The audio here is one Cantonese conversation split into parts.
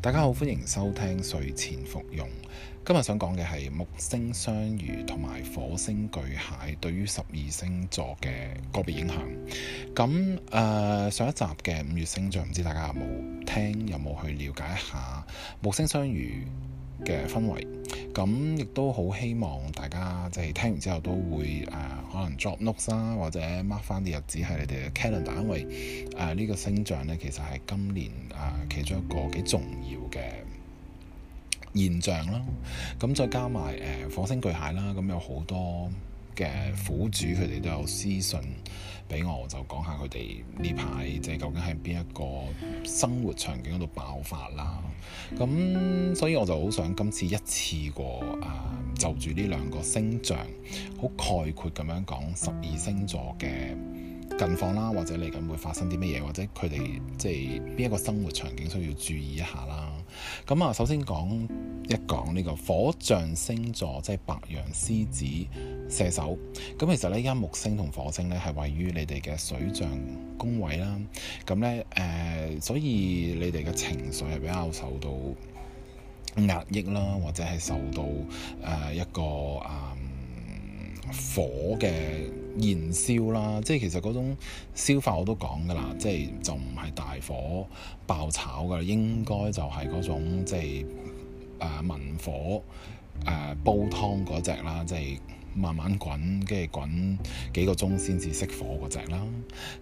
大家好，歡迎收聽睡前服用。今日想講嘅係木星雙魚同埋火星巨蟹對於十二星座嘅個別影響。咁誒、呃，上一集嘅五月星座，唔知大家有冇聽，有冇去了解一下木星雙魚嘅氛圍。咁亦都好希望大家即係聽完之後都會誒、呃、可能作 note 啦，或者 mark 翻啲日子喺你哋嘅 calendar，因為誒、呃這個、呢個星象咧其實係今年誒、呃、其中一個幾重要嘅現象啦。咁再加埋誒、呃、火星巨蟹啦，咁有好多。嘅苦主佢哋都有私信俾我，我就講下佢哋呢排即係究竟喺邊一個生活場景度爆發啦。咁所以我就好想今次一次過啊，就住呢兩個星象，好概括咁樣講十二星座嘅。近況啦，或者嚟緊會發生啲乜嘢，或者佢哋即係邊一個生活場景需要注意一下啦。咁啊，首先講一講呢、這個火象星座，即係白羊、獅子、射手。咁其實呢，而家木星同火星呢係位於你哋嘅水象宮位啦。咁呢，誒、呃，所以你哋嘅情緒係比較受到壓抑啦，或者係受到誒、呃、一個啊、呃、火嘅。燃燒啦，即係其實嗰種燒法我都講㗎啦，即係就唔係大火爆炒㗎啦，應該就係嗰種即係誒、呃、文火誒、呃、煲湯嗰隻嗰隻啦，即係慢慢滾，跟住滾幾個鐘先至熄火嗰隻啦。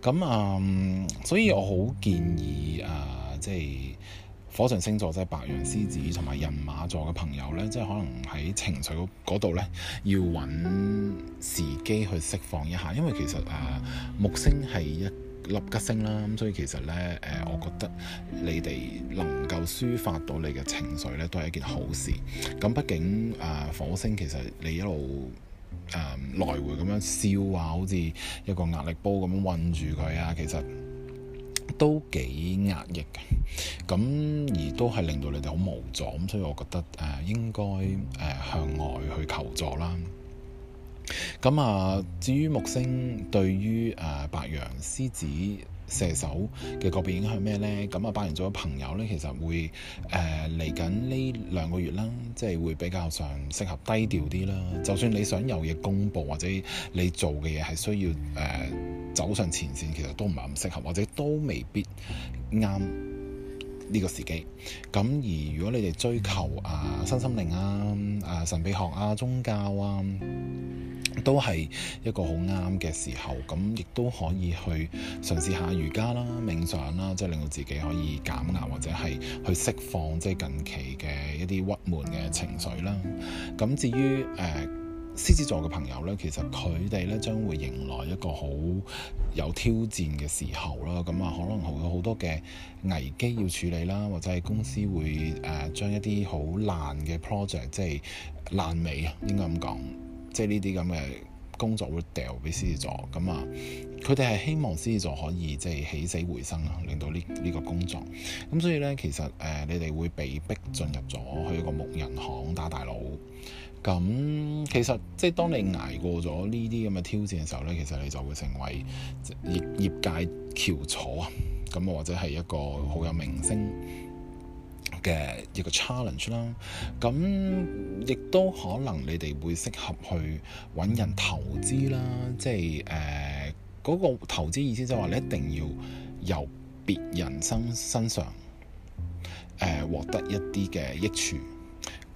咁啊、嗯，所以我好建議啊、呃，即係。火象星座即係白羊、獅子同埋人馬座嘅朋友呢，即係可能喺情緒嗰度呢，要揾時機去釋放一下，因為其實啊、呃、木星係一粒吉星啦，咁所以其實呢，誒、呃，我覺得你哋能夠抒發到你嘅情緒呢，都係一件好事。咁畢竟啊、呃、火星其實你一路誒、呃、來回咁樣笑啊，好似一個壓力煲咁樣韞住佢啊，其實。都幾壓抑嘅，咁而都係令到你哋好無助，咁所以我覺得誒、呃、應該誒、呃、向外去求助啦。咁啊、呃，至於木星對於誒、呃、白羊、獅子、射手嘅嗰邊影響咩呢？咁啊，拜人咗咗朋友呢，其實會誒嚟緊呢兩個月啦，即係會比較上適合低調啲啦。就算你想有嘢公佈或者你做嘅嘢係需要誒、呃、走上前線，其實都唔係咁適合，或者都未必啱。呢個時機，咁而如果你哋追求啊身心靈啊、啊神秘學啊、宗教啊，都係一個好啱嘅時候，咁、啊、亦都可以去嘗試下瑜伽啦、冥想啦，即係令到自己可以減壓或者係去釋放即係近期嘅一啲鬱悶嘅情緒啦。咁、啊、至於誒。呃獅子座嘅朋友呢，其實佢哋呢，將會迎來一個好有挑戰嘅時候啦。咁啊，可能會有好多嘅危機要處理啦，或者係公司會誒將一啲好爛嘅 project，即係爛尾啊，應該咁講，即係呢啲咁嘅工作會掉俾獅子座。咁啊，佢哋係希望獅子座可以即係起死回生啊，令到呢呢個工作。咁所以呢，其實誒你哋會被逼進入咗去一個木人行打大佬。咁其實即係當你捱過咗呢啲咁嘅挑戰嘅時候咧，其實你就會成為業業界翹楚啊！咁或者係一個好有名聲嘅一個 challenge 啦。咁亦都可能你哋會適合去揾人投資啦。即係誒嗰個投資意思就係話你一定要由別人生身、身上誒、呃、獲得一啲嘅益處。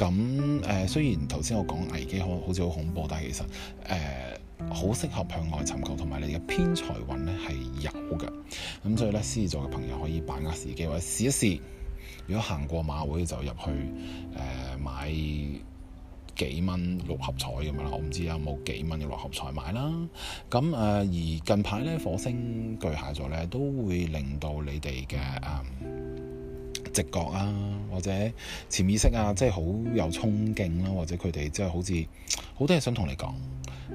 咁誒、呃、雖然頭先我講危機好好似好恐怖，但係其實誒好、呃、適合向外尋求，同埋你嘅偏財運咧係有嘅。咁所以咧，獅子座嘅朋友可以把握時機，或者試一試。如果行過馬會就入去誒、呃、買幾蚊六合彩咁樣啦，我唔知有冇幾蚊嘅六合彩買啦。咁誒、呃、而近排咧火星巨蟹座咧都會令到你哋嘅誒、呃直覺啊，或者潛意識啊，即係好有衝勁啦，或者佢哋即係好似好多嘢想同你講，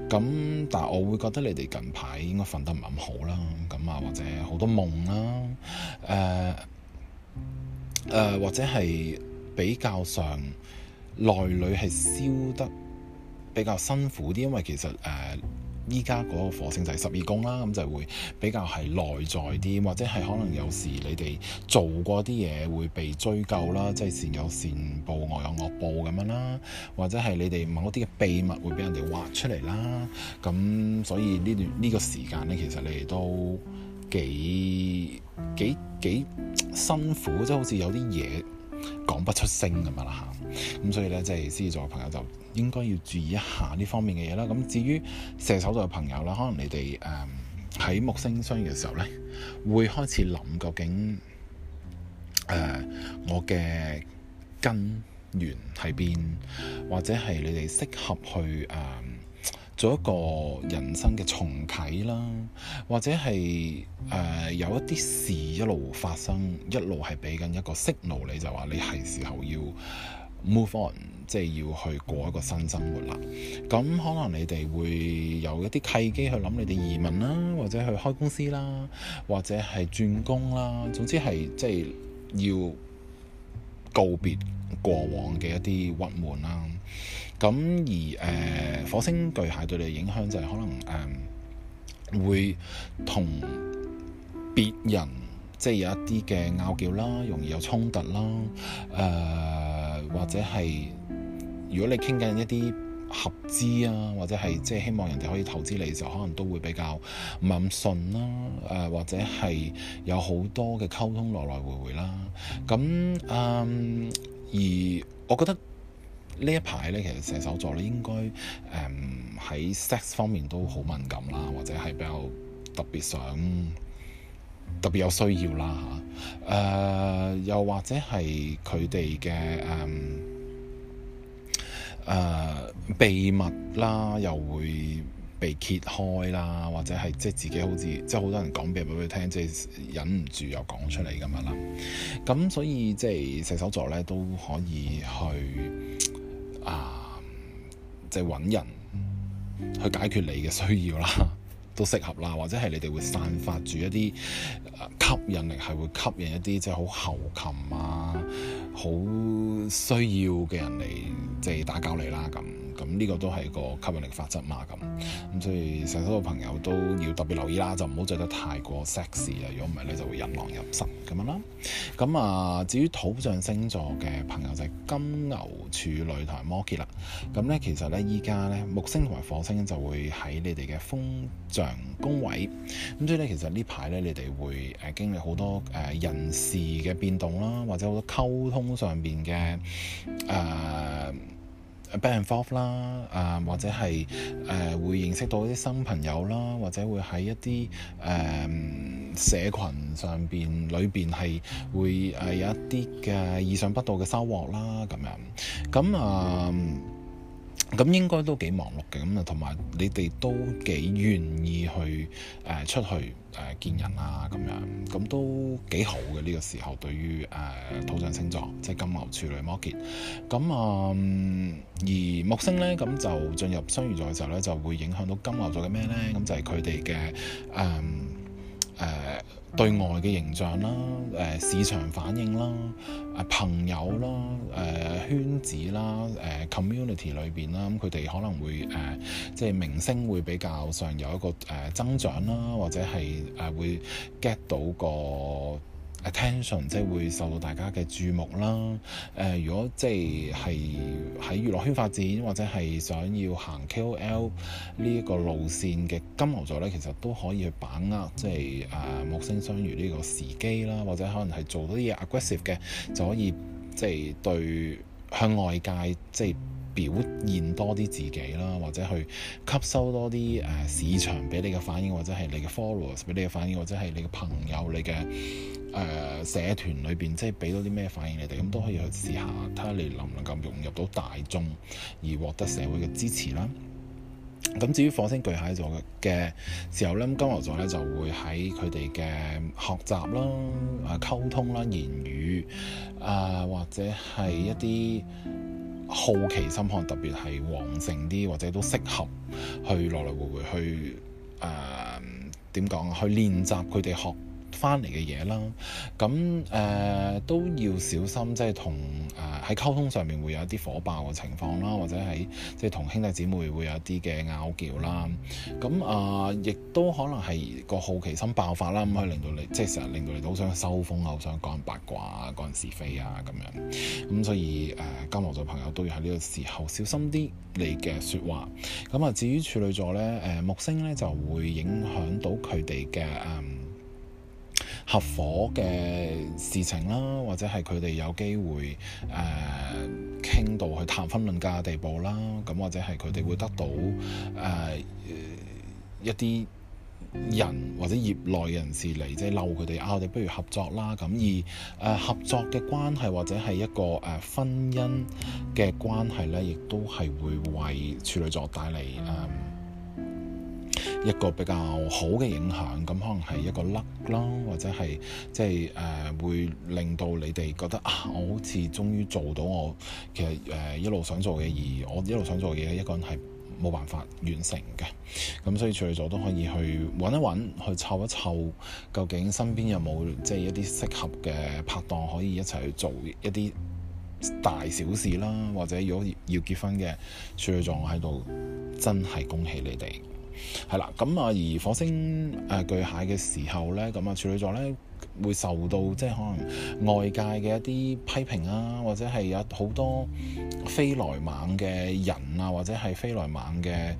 咁但係我會覺得你哋近排應該瞓得唔係咁好啦，咁啊或者好多夢啦、啊，誒、呃、誒、呃、或者係比較上內裏係燒得比較辛苦啲，因為其實誒。呃依家嗰個火星就係十二宮啦，咁就會比較係內在啲，或者係可能有時你哋做過啲嘢會被追究啦，即係善有善報，惡有惡報咁樣啦，或者係你哋某啲嘅秘密會俾人哋挖出嚟啦，咁所以呢段呢個時間呢，其實你哋都幾幾幾辛苦，即係好似有啲嘢。講不出聲咁樣啦吓，咁、嗯、所以咧即係獅子座嘅朋友就應該要注意一下呢方面嘅嘢啦。咁、嗯、至於射手座嘅朋友啦，可能你哋誒喺木星雙魚嘅時候咧，會開始諗究竟誒、呃、我嘅根源喺邊，或者係你哋適合去誒。呃做一個人生嘅重啟啦，或者係誒、呃、有一啲事一路發生，一路係俾緊一個信號，你就話你係時候要 move on，即係要去過一個新生活啦。咁可能你哋會有一啲契機去諗你哋移民啦，或者去開公司啦，或者係轉工啦，總之係即係要告別過往嘅一啲鬱悶啦。咁而誒、呃、火星巨蟹對你嘅影響就係可能誒、呃、會同別人即係、就是、有一啲嘅拗撬啦，容易有衝突啦，誒、呃、或者係如果你傾緊一啲合資啊，或者係即係希望人哋可以投資你嘅時候，可能都會比較唔咁順啦，誒、呃、或者係有好多嘅溝通來來回回啦。咁誒、呃、而我覺得。呢一排咧，其實射手座咧應該誒喺、嗯、sex 方面都好敏感啦，或者係比較特別想特別有需要啦嚇。誒、呃，又或者係佢哋嘅誒誒秘密啦，又會被揭開啦，或者係即係自己好似即係好多人講俾佢聽，即係忍唔住又講出嚟噉樣啦。咁所以即係射手座咧都可以去。啊！即係搵人去解決你嘅需要啦， 都適合啦，或者係你哋會散發住一啲、呃、吸引力，係會吸引一啲即係好猴擒啊，好需要嘅人嚟即係打攪你啦咁。咁呢個都係個吸引力法則嘛咁，咁所以成堆嘅朋友都要特別留意啦，就唔好着得太過 sexy 啊！如果唔係咧就會引狼入室咁樣啦。咁啊，至於土象星座嘅朋友就係金牛、處女同埋摩羯啦。咁咧其實咧依家咧木星同埋火星就會喺你哋嘅風象宮位，咁所以咧其實呢排咧你哋會誒經歷好多誒、呃、人事嘅變動啦，或者好多溝通上邊嘅誒。呃 benefit 啦，啊、uh, 或者係誒、uh, 會認識到啲新朋友啦，或者會喺一啲誒、uh, 社群上邊裏邊係會誒、uh, 有一啲嘅意想不到嘅收穫啦，咁樣咁啊。咁應該都幾忙碌嘅，咁啊同埋你哋都幾願意去誒、呃、出去誒見人啊咁樣，咁都幾好嘅呢、呢個時候對於誒、呃、土象星座，即係金牛、處女、摩羯。咁啊，而木星咧，咁就進入雙魚座嘅時候咧，就會影響到金牛座嘅咩咧？咁就係佢哋嘅誒誒。嗯呃對外嘅形象啦，誒、呃、市場反應啦，啊、呃、朋友啦，誒、呃、圈子啦，誒 community 裏邊啦，咁佢哋可能會誒，即、呃、係、就是、明星會比較上有一個誒、呃、增長啦，或者係誒會 get 到個。Attention 即係會受到大家嘅注目啦。誒、呃，如果即係喺娛樂圈發展，或者係想要行 KOL 呢一個路線嘅金牛座咧，其實都可以去把握，即係誒木星相遇呢個時機啦，或者可能係做到啲嘢 aggressive 嘅，就可以即係對向外界即係。表現多啲自己啦，或者去吸收多啲誒、呃、市場俾你嘅反應，或者係你嘅 followers 俾你嘅反應，或者係你嘅朋友、你嘅誒、呃、社團裏邊，即係俾到啲咩反應你哋，咁都可以去試下，睇下你能唔能夠融入到大眾而獲得社會嘅支持啦。咁至於火星巨蟹座嘅時候咧，金牛座呢就會喺佢哋嘅學習啦、啊溝通啦、啊、言語啊，或者係一啲。好奇心可能特別係旺盛啲，或者都適合去來來回回去誒，點講啊？去練習佢哋學。翻嚟嘅嘢啦，咁誒、呃、都要小心，即係同誒喺溝通上面會有一啲火爆嘅情況啦，或者係即係同兄弟姐妹會有一啲嘅拗撬啦。咁啊、呃，亦都可能係個好奇心爆發啦，咁、嗯、可以令到你即係成日令到你好想收風啊，好想講八卦、講是非啊咁樣。咁、嗯、所以誒，金牛座朋友都要喺呢個時候小心啲你嘅説話。咁啊，至於處女座咧，誒、呃、木星咧就會影響到佢哋嘅嗯，合夥嘅事情啦，或者係佢哋有機會誒傾、呃、到去談婚論嫁嘅地步啦，咁或者係佢哋會得到誒、呃、一啲人或者業內人士嚟即係嬲佢哋啊，我哋不如合作啦。咁而誒、呃、合作嘅關係或者係一個誒、呃、婚姻嘅關係呢，亦都係會為處女座帶嚟。呃一個比較好嘅影響，咁可能係一個 luck 啦，或者係即係誒會令到你哋覺得啊，我好似終於做到我其實誒、呃、一路想做嘅，而我一路想做嘅嘢，一個人係冇辦法完成嘅。咁所以處女座都可以去揾一揾，去湊一湊，究竟身邊有冇即係一啲適合嘅拍檔可以一齊去做一啲大小事啦，或者如果要，要結婚嘅處女座我喺度，真係恭喜你哋！係啦，咁啊，而火星誒巨蟹嘅時候咧，咁啊處女座咧會受到即係可能外界嘅一啲批評啊，或者係有好多非來猛嘅人。啊、呃，或者係飛來猛嘅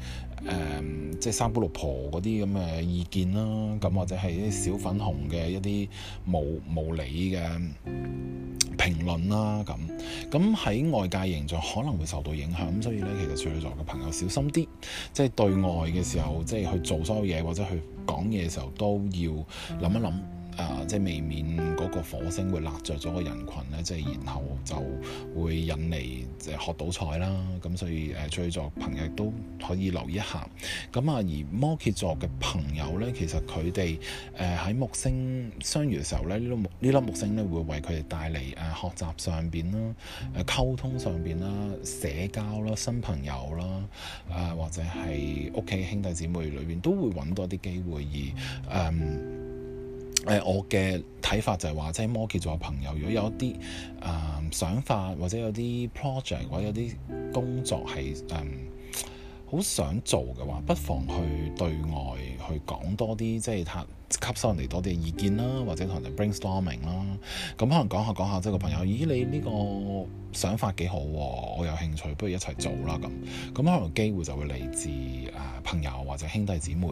誒，即係三姑六婆嗰啲咁嘅意見啦，咁或者係啲小粉紅嘅一啲無無理嘅評論啦，咁咁喺外界形象可能會受到影響，咁所以咧，其實處女座嘅朋友小心啲，即係對外嘅時候，即係去做所有嘢或者去講嘢嘅時候，都要諗一諗。啊、呃，即係未免嗰個火星會勒着咗個人群，咧，即係然後就會引嚟即係學倒彩啦。咁所以誒，巨、呃、座朋友亦都可以留意一下。咁啊，而摩羯座嘅朋友咧，其實佢哋誒喺木星相遇嘅時候咧，呢、這、粒、個、木呢粒、這個、木星咧會為佢哋帶嚟誒、啊、學習上邊啦、誒、啊、溝通上邊啦、社交啦、新朋友啦，誒、啊、或者係屋企兄弟姊妹裏邊都會揾多啲機會而誒。嗯誒、呃，我嘅睇法就係話，即係摩羯座嘅朋友，如果有啲誒、呃、想法，或者有啲 project，或者有啲工作係誒。呃好想做嘅話，不妨去對外去講多啲，即係吸收人哋多啲意見啦，或者同人哋 brainstorming 啦。咁、嗯、可能講下講下，即係個朋友，咦，你呢個想法幾好，啊，我有興趣，不如一齊做啦咁。咁、嗯、可能機會就會嚟自啊、呃、朋友或者兄弟姊妹。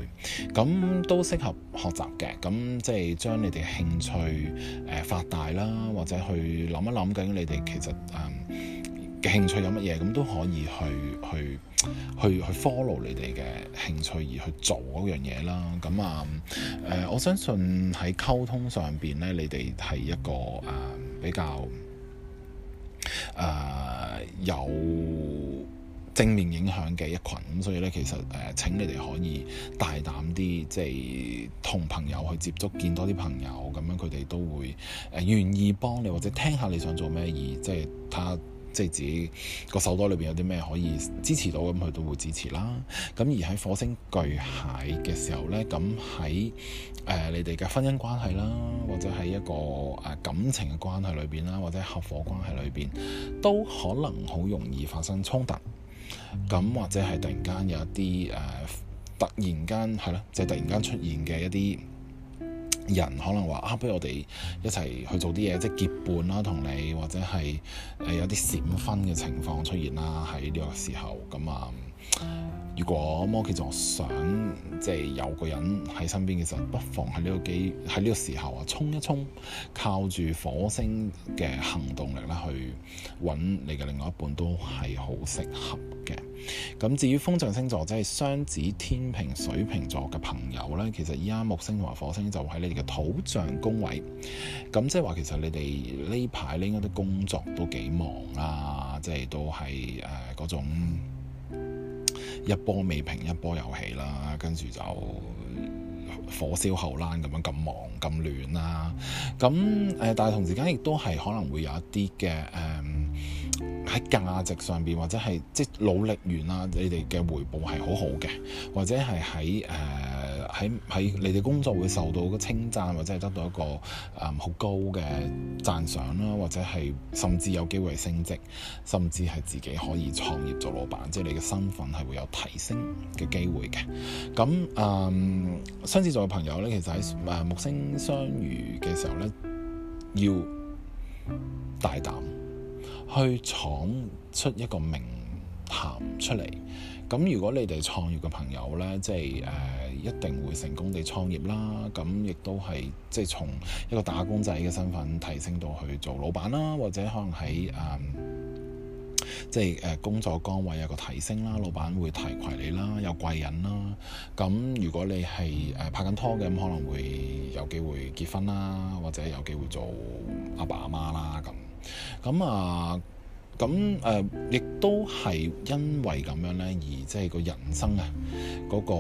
咁、嗯、都適合學習嘅。咁、嗯、即係將你哋興趣誒、呃、發大啦，或者去諗一諗，關於你哋其實誒。呃嘅興趣有乜嘢，咁都可以去去去，去 follow 你哋嘅興趣而去做嗰樣嘢啦。咁啊，誒、呃，我相信喺溝通上邊咧，你哋係一個誒、呃、比較誒、呃、有正面影響嘅一群。咁所以咧，其實誒、呃，請你哋可以大膽啲，即係同朋友去接觸，見多啲朋友，咁樣佢哋都會誒願意幫你，或者聽下你想做咩，而即係睇即係自己個手袋裏邊有啲咩可以支持到，咁佢都會支持啦。咁而喺火星巨蟹嘅時候呢，咁喺誒你哋嘅婚姻關係啦，或者喺一個誒、呃、感情嘅關係裏邊啦，或者合夥關係裏邊，都可能好容易發生衝突。咁或者係突然間有一啲誒、呃，突然間係咯，即係、就是、突然間出現嘅一啲人可能話啊，不如我哋一齊去做啲嘢，即係結伴啦，同你或者係誒、呃、有啲閃婚嘅情況出現啦，喺呢個時候咁啊～、嗯如果摩羯座想即係有個人喺身邊嘅時候，不妨喺呢個機喺呢個時候啊，衝一衝，靠住火星嘅行動力咧，去揾你嘅另外一半都係好適合嘅。咁至於風象星座，即係雙子、天秤、水瓶座嘅朋友呢，其實依家木星同埋火星就喺你哋嘅土象宮位，咁即係話其實你哋呢排呢應該都工作都幾忙啊，即係都係誒嗰種。一波未平一波又起啦，跟住就火燒後欄咁樣咁忙咁亂啦，咁誒、呃，但係同時間亦都係可能會有一啲嘅誒，喺、呃、價值上邊或者係即係努力完啦，你哋嘅回報係好好嘅，或者係喺誒，呃喺喺你哋工作會受到個稱讚，或者係得到一個誒好、嗯、高嘅讚賞啦，或者係甚至有機會升職，甚至係自己可以創業做老闆，即係你嘅身份係會有提升嘅機會嘅。咁誒雙子座嘅朋友呢，其實喺誒、呃、木星雙魚嘅時候呢，要大膽去闖出一個名堂出嚟。咁如果你哋創業嘅朋友呢，即係誒、呃、一定會成功地創業啦。咁亦都係即係從一個打工仔嘅身份提升到去做老闆啦，或者可能喺誒、呃、即係誒工作崗位有個提升啦，老闆會提攜你啦，有貴人啦。咁如果你係誒拍緊拖嘅，咁可能會有機會結婚啦，或者有機會做阿爸阿媽啦。咁咁啊！咁誒，亦、呃、都係因為咁樣咧，而即係個人生啊、那個，嗰個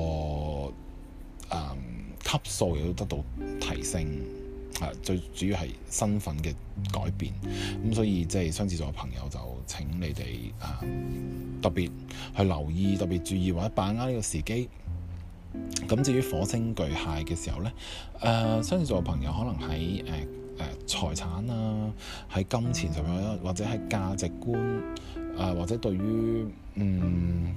誒級數亦都得到提升，係、呃、最主要係身份嘅改變。咁所以即係雙子座嘅朋友就請你哋誒、呃、特別去留意、特別注意或者把握呢個時機。咁至於火星巨蟹嘅時候咧，誒雙子座嘅朋友可能喺誒，呃誒財產啊，喺金錢上面，或者喺價值觀啊，或者對於嗯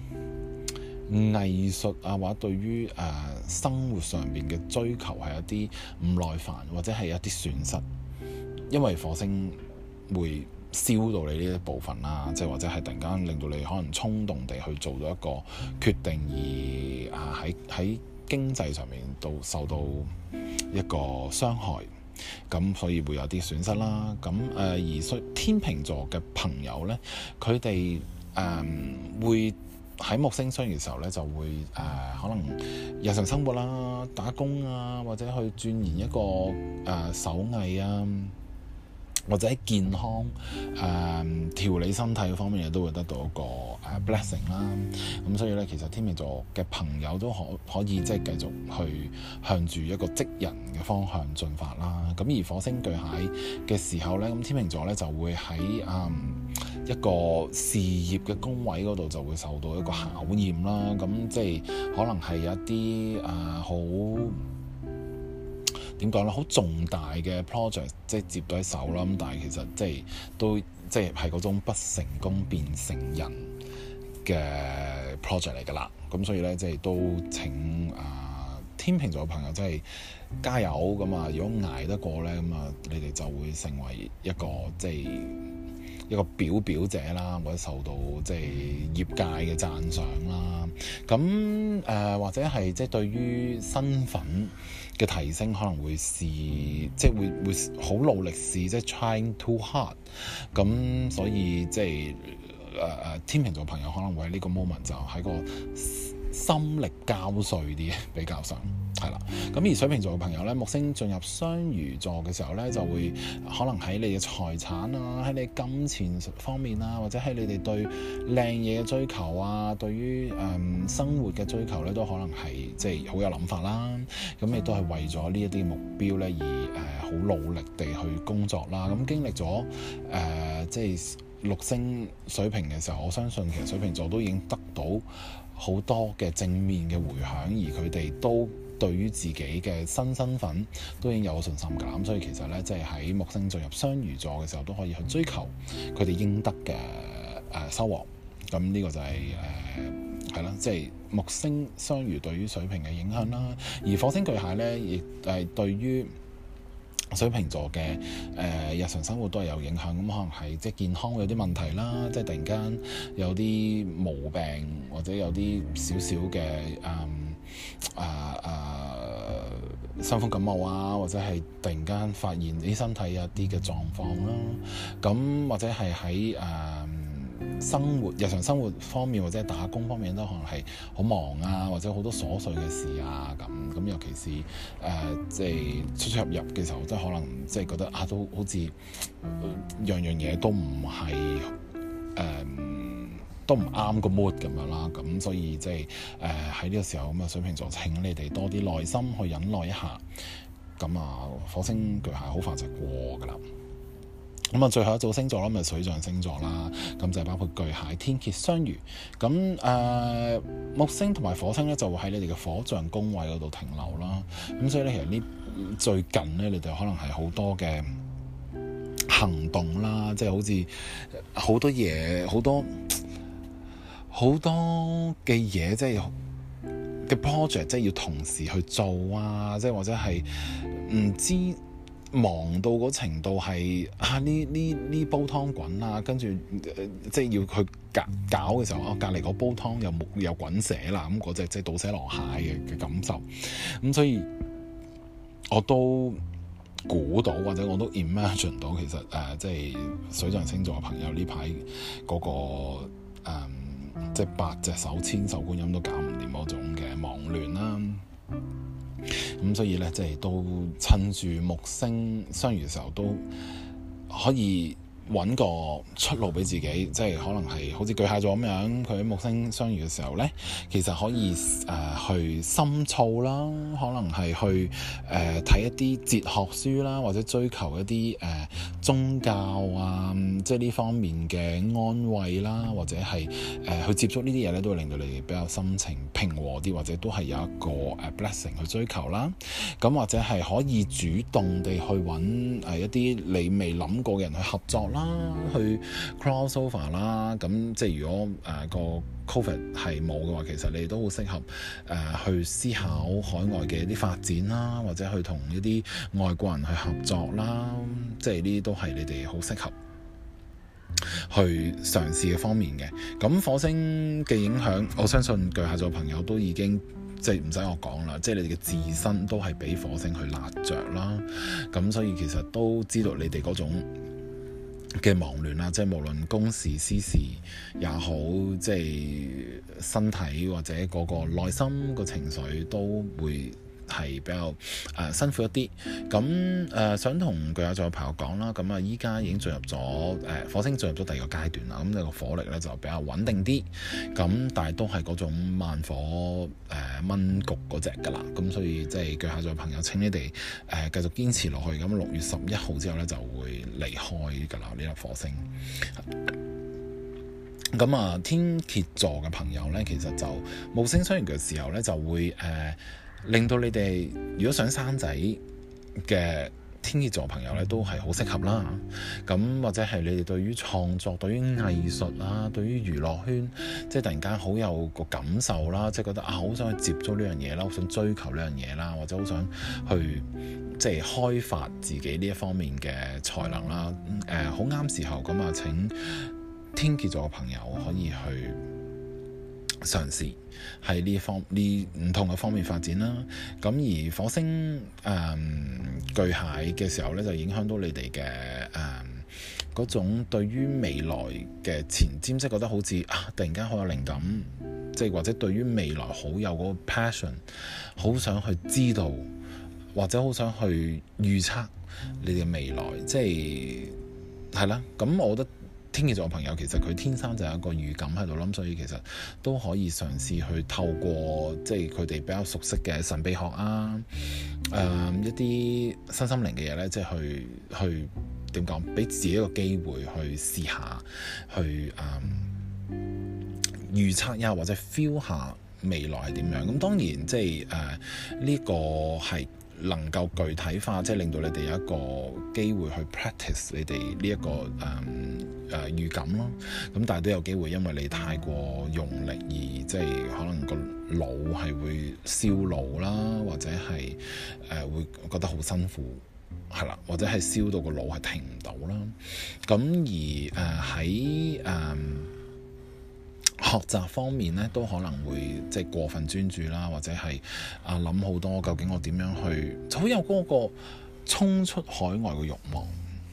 藝術啊，或者對於誒、呃、生活上邊嘅追求係一啲唔耐煩，或者係一啲損失，因為火星會燒到你呢一部分啦，即係或者係突然間令到你可能衝動地去做咗一個決定，而啊喺喺經濟上面都受到一個傷害。咁所以會有啲損失啦，咁誒、呃、而天秤座嘅朋友呢，佢哋誒會喺木星相遇嘅時候呢，就會誒、呃、可能日常生活啦、啊、打工啊，或者去鑽研一個誒、呃、手藝啊。或者健康誒、嗯、調理身體方面，都會得到一個誒 blessing 啦。咁所以呢，其實天秤座嘅朋友都可以可以即係繼續去向住一個職人嘅方向進發啦。咁而火星巨蟹嘅時候呢，咁天秤座呢就會喺誒、嗯、一個事業嘅工位嗰度就會受到一個考驗啦。咁即係可能係有一啲誒好，呃點講咧？好重大嘅 project 即係接到手啦，咁但係其實即係都即係係嗰種不成功便成仁嘅 project 嚟㗎喇。咁所以咧，即係都請誒、呃、天秤座嘅朋友即係加油咁啊！如果捱得過咧，咁啊你哋就會成為一個即係一個表表者啦，或者受到即係業界嘅讚賞啦。咁誒、呃、或者係即係對於身份。嘅提升可能會試，即係會會好努力試，即係 trying too hard。咁所以即係誒誒，天秤座朋友可能會喺呢個 moment 就喺個。心力交瘁啲，比較上係啦。咁而水瓶座嘅朋友呢，木星進入雙魚座嘅時候呢，就會可能喺你嘅財產啊，喺你金錢方面啊，或者喺你哋對靚嘢嘅追求啊，對於誒、嗯、生活嘅追求呢，都可能係即係好有諗法啦。咁亦都係為咗呢一啲目標呢，而誒好、呃、努力地去工作啦。咁經歷咗誒即係。呃即係木星水瓶嘅時候，我相信其實水瓶座都已經得到好多嘅正面嘅回響，而佢哋都對於自己嘅新身份都已經有信心㗎。咁所以其實呢，即係喺木星進入雙魚座嘅時候，都可以去追求佢哋應得嘅誒收穫。咁呢個就係誒係啦，即係、就是、木星雙魚對於水瓶嘅影響啦。而火星巨蟹呢，亦係對於水瓶座嘅誒、呃、日常生活都係有影響，咁可能係即係健康有啲問題啦，即係突然間有啲毛病或者有啲少少嘅誒誒誒傷風感冒啊，或者係突然間發現你身體有啲嘅狀況啦，咁或者係喺誒。呃生活、日常生活方面或者打工方面都可能係好忙啊，或者好多瑣碎嘅事啊咁咁，尤其是誒即係出出入入嘅時候，即係可能即係、就是、覺得啊都好似、呃、樣樣嘢都唔係誒都唔啱個 mood 咁樣啦，咁所以即係誒喺呢個時候咁啊，這個、水瓶座，請你哋多啲耐心去忍耐一下，咁啊火星巨蟹好快就過噶啦。咁啊，最後一組星座咧，咪、就是、水象星座啦，咁就包括巨蟹、天蠍、雙魚。咁誒、呃、木星同埋火星咧，就會喺你哋嘅火象宮位嗰度停留啦。咁所以咧，其實呢最近咧，你、就、哋、是、可能係好多嘅行動啦，即係好似好多嘢，好多好多嘅嘢，即係嘅 project，即係要同時去做啊，即、就、係、是、或者係唔知。忙到嗰程度係啊，呢呢呢煲湯滾啦，跟住、呃、即係要佢隔搞嘅時候，哦隔離個煲湯又冇又滾瀉啦，咁嗰隻即係倒瀉籮蟹嘅嘅感受，咁所以我都估到或者我都 imagine 到其實誒、呃、即係水象星座嘅朋友呢排嗰個、呃、即係八隻手千手觀音都搞唔掂嗰種嘅忙亂啦。咁、嗯、所以咧，即係都趁住木星雙魚嘅時候，都可以。揾個出路俾自己，即係可能係好似巨蟹座咁樣，佢喺木星相遇嘅時候咧，其實可以誒、呃、去深造啦，可能係去誒睇、呃、一啲哲學書啦，或者追求一啲誒、呃、宗教啊，即係呢方面嘅安慰啦，或者係誒、呃、去接觸呢啲嘢咧，都會令到你比較心情平和啲，或者都係有一個誒 blessing 去追求啦。咁或者係可以主動地去揾誒一啲你未諗過嘅人去合作啦。啊，去 cross over 啦，咁即係如果誒、呃、個 covid 係冇嘅話，其實你哋都好適合誒、呃、去思考海外嘅一啲發展啦，或者去同一啲外國人去合作啦，即係呢啲都係你哋好適合去嘗試嘅方面嘅。咁火星嘅影響，我相信巨蟹座朋友都已經即係唔使我講啦，即係你哋嘅自身都係俾火星去辣着啦。咁所以其實都知道你哋嗰種嘅忙亂啊，即係無論公事私事也好，即係身體或者、嗰個內心個情緒都會。係比較誒、呃、辛苦一啲，咁誒、呃、想同巨蟹座嘅朋友講啦，咁啊依家已經進入咗誒、呃、火星進入咗第二個階段啦，咁呢個火力咧就比較穩定啲，咁但係都係嗰種慢火誒燜、呃、焗嗰隻噶啦，咁所以即係、就是、巨蟹座嘅朋友請你哋誒、呃、繼續堅持落去，咁六月十一號之後咧就會離開㗎啦呢粒火星。咁啊、呃，天蠍座嘅朋友咧，其實就冇星衰弱嘅時候咧就會誒。呃令到你哋如果想生仔嘅天蠍座朋友咧，都係好適合啦。咁或者係你哋對於創作、對於藝術啦、對於娛樂圈，即係突然間好有個感受啦，即係覺得啊，好想去接觸呢樣嘢啦，好想追求呢樣嘢啦，或者好想去，即係開發自己呢一方面嘅才能啦。誒、呃，好啱時候咁啊，請天蠍座嘅朋友可以去。嘗試喺呢方呢唔同嘅方面發展啦，咁而火星誒巨蟹嘅時候咧，就影響到你哋嘅誒種對於未來嘅前瞻，即係覺得好似啊突然間好有靈感，即係或者對於未來好有個 passion，好想去知道或者好想去預測你哋未來，即係係啦，咁我覺得。天蠍座嘅朋友，其實佢天生就有一個預感喺度諗，所以其實都可以嘗試去透過即係佢哋比較熟悉嘅神秘學啊，誒、嗯呃、一啲身心靈嘅嘢呢，即係去去點講，俾自己一個機會去試下去誒預測一下、呃、一下或者 feel 下未來係點樣。咁、嗯、當然即係呢、呃呢個係。能夠具體化，即係令到你哋有一個機會去 practice 你哋呢一個誒誒、嗯呃、預感咯。咁但係都有機會，因為你太過用力而即係可能個腦係會燒腦啦，或者係誒、呃、會覺得好辛苦係啦，或者係燒到個腦係停唔到啦。咁而誒喺誒。呃學習方面咧，都可能會即係過分專注啦，或者係啊諗好多究竟我點樣去，就好有嗰個衝出海外嘅慾望。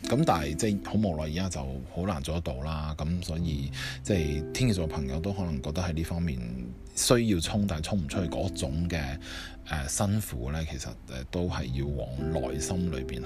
咁但係即係好無奈，而家就好難做得到啦。咁所以即係天蠍座嘅朋友都可能覺得喺呢方面。需要衝，但係衝唔出去嗰種嘅誒、呃、辛苦咧，其實誒、呃、都係要往內心裏邊去誒、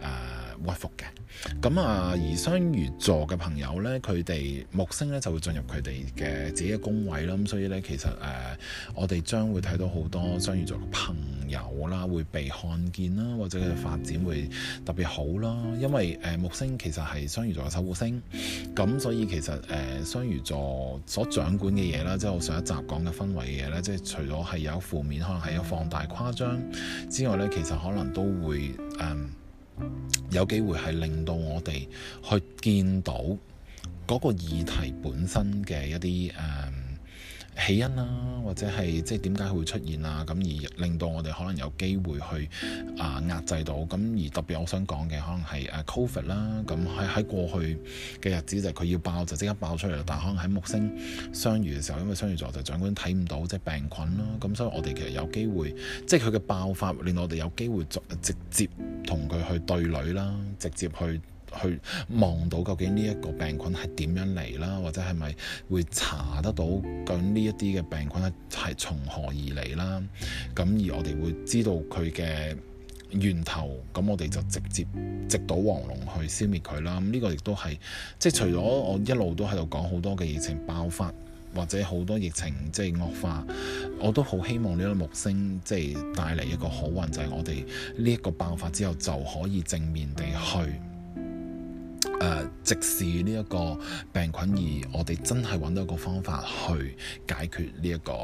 呃、屈服嘅。咁啊、呃，而雙魚座嘅朋友咧，佢哋木星咧就會進入佢哋嘅自己嘅宮位啦。咁所以咧，其實誒、呃、我哋將會睇到好多雙魚座嘅朋友啦，會被看見啦，或者佢嘅發展會特別好啦。因為誒、呃、木星其實係雙魚座嘅守護星，咁所以其實誒、雙、呃、魚座所掌管嘅嘢啦，即係我上一集，講嘅氛圍嘅嘢咧，即係除咗係有負面，可能係有放大誇張之外咧，其實可能都會誒、嗯、有機會係令到我哋去見到嗰個議題本身嘅一啲誒。嗯起因啦，或者係即係點解佢會出現啊？咁而令到我哋可能有機會去啊、呃、壓制到，咁而特別我想講嘅可能係誒 Covid 啦。咁喺喺過去嘅日子就佢、是、要爆就即刻爆出嚟啦，但可能喺木星雙魚嘅時候，因為雙魚座就掌管睇唔到即係病菌啦。咁所以我哋其實有機會，即係佢嘅爆發令我哋有機會直直接同佢去對壘啦，直接去。去望到究竟呢一個病菌係點樣嚟啦，或者係咪會查得到究竟呢一啲嘅病菌係從何而嚟啦？咁而我哋會知道佢嘅源頭，咁我哋就直接直搗黃龍去消滅佢啦。咁呢個亦都係即係除咗我一路都喺度講好多嘅疫情爆發或者好多疫情即係惡化，我都好希望呢個木星即係帶嚟一個好運，就係我哋呢一個爆發之後就可以正面地去。誒、呃、直視呢一個病菌，而我哋真係揾到一個方法去解決呢一個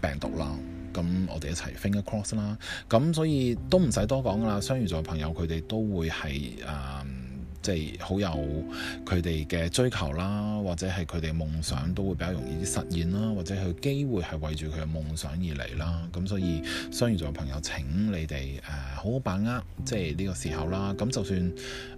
病毒啦。咁我哋一齊 finger cross 啦。咁所以都唔使多講啦。雙魚座朋友佢哋都會係誒。呃即係好有佢哋嘅追求啦，或者係佢哋嘅夢想都會比較容易啲實現啦，或者佢機會係為住佢嘅夢想而嚟啦。咁所以雙魚座嘅朋友請你哋誒、呃、好好把握，即係呢個時候啦。咁就算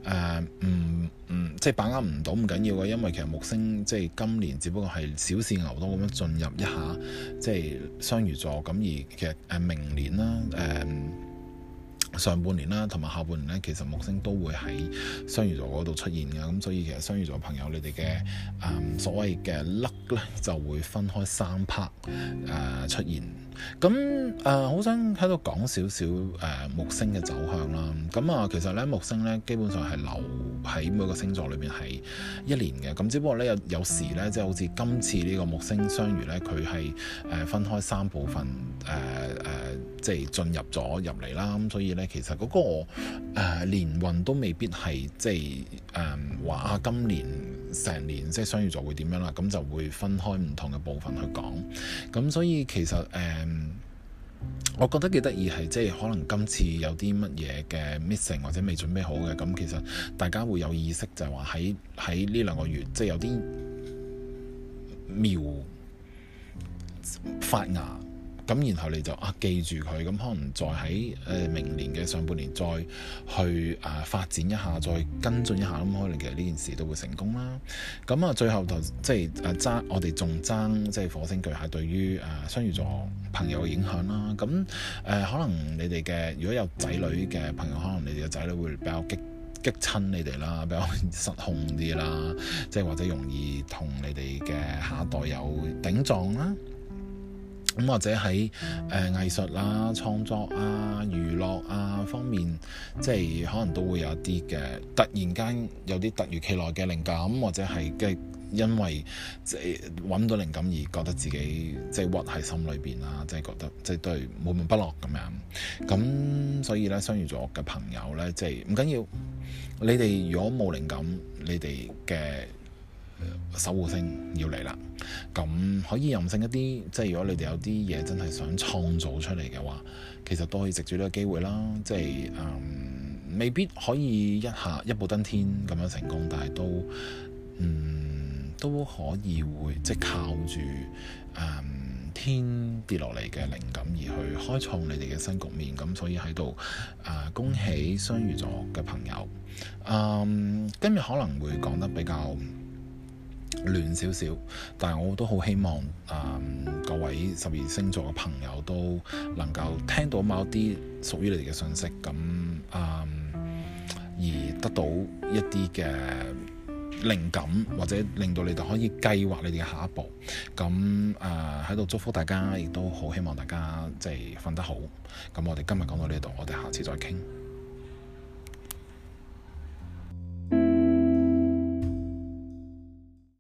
誒唔唔，即係把握唔到唔緊要嘅，因為其實木星即係今年只不過係小試牛刀咁樣進入一下，即係雙魚座咁而其實誒明年啦誒。呃嗯上半年啦，同埋下半年呢，其實木星都會喺雙魚座嗰度出現嘅，咁所以其實雙魚座朋友你哋嘅、呃、所謂嘅 luck 呢，就會分開三 part 誒、呃、出現，咁誒好想喺度講少少誒木星嘅走向啦，咁、呃、啊其實呢，木星呢，基本上係留喺每個星座裏面係一年嘅，咁只不過呢，有有時呢，即、就、係、是、好似今次呢個木星雙魚呢，佢係誒分開三部分誒誒。呃呃即係進入咗入嚟啦，咁所以呢，其實嗰、那個誒、呃、年運都未必係即係誒話啊，呃、今年成年即係雙魚座會點樣啦，咁就會分開唔同嘅部分去講。咁所以其實誒、呃，我覺得幾得意係即係可能今次有啲乜嘢嘅 missing 或者未準備好嘅，咁其實大家會有意識就係話喺喺呢兩個月即係有啲苗發芽。咁然後你就啊記住佢，咁可能再喺誒明年嘅上半年再去啊發展一下，再跟進一下咁，可能其實呢件事都會成功啦。咁、嗯、啊最後就即係、啊、爭，我哋仲爭即係火星巨蟹對於誒雙魚座朋友嘅影響啦。咁、嗯、誒、啊、可能你哋嘅如果有仔女嘅朋友，可能你哋嘅仔女會比較激激親你哋啦，比較失控啲啦，即係或者容易同你哋嘅下一代有頂撞啦。咁或者喺誒、呃、藝術啦、啊、創作啊、娛樂啊方面，即係可能都會有啲嘅。突然間有啲突如其來嘅靈感，或者係嘅，即係因為即係揾到靈感而覺得自己即係屈喺心裏邊啦，即係覺得即係對悶悶不樂咁樣。咁所以咧，雙魚座嘅朋友咧，即係唔緊要。你哋如果冇靈感，你哋嘅守護星要嚟啦，咁可以任性一啲，即係如果你哋有啲嘢真係想創造出嚟嘅話，其實都可以藉住呢個機會啦。即係、嗯、未必可以一下一步登天咁樣成功，但係都嗯，都可以會即係靠住、嗯、天跌落嚟嘅靈感而去開創你哋嘅新局面。咁、嗯、所以喺度、呃、恭喜雙魚座嘅朋友。嗯、今日可能會講得比較亂少少，但係我都好希望啊、呃，各位十二星座嘅朋友都能夠聽到某啲屬於你哋嘅信息，咁啊、呃、而得到一啲嘅靈感，或者令到你哋可以計劃你哋嘅下一步。咁啊喺度祝福大家，亦都好希望大家即係瞓得好。咁我哋今日講到呢度，我哋下次再傾。